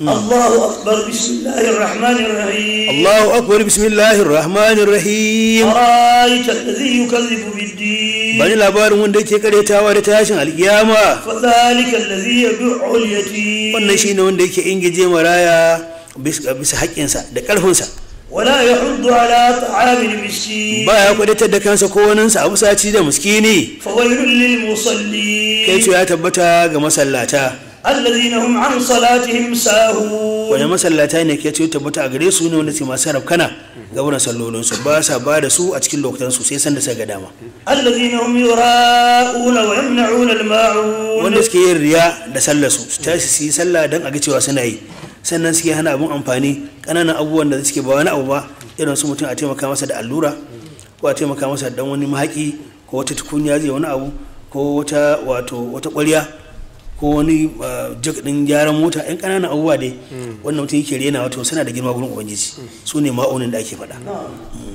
الله أكبر بسم الله الرحمن الرحيم الله أكبر بسم الله الرحمن الرحيم أرأيت الذي يكذب بالدين بني لابار من ديك كريتا ورتاشن القيامة فذلك الذي يدعو اليتيم والنشين من ديك إنجي جي مرايا بس بس حقنسا دكالفنسا ولا يحض على طعام المسكين با ya kudatar da kansa ko wani sa abu saci da miskini fa wailul lil musallin kai ya tabbata ga masallata alladhina hum masallata ne ke ce tabbata a gare su ne wanda ke masu rafkana ga wurin sallolin su ba sa ba da su a cikin lokutan su sai sanda sai ga dama wanda suke yin riya da sallar su su tashi su yi sallah dan a ga cewa suna yi sannan suke hana abun amfani kananan abubuwan da suke ba wani abu ba irin su mutum a taimaka masa da allura ko a taimaka masa da dan wani mahaƙi ko wata tukunya zai wani abu ko wata wato wata ƙwarya ko wani uh, jik din gyaran mota yan ƙananan abubuwa dai hmm. wannan mutum yake rena wato suna da girma gurin ubangiji hmm. su ne ma'aunin da ake faɗa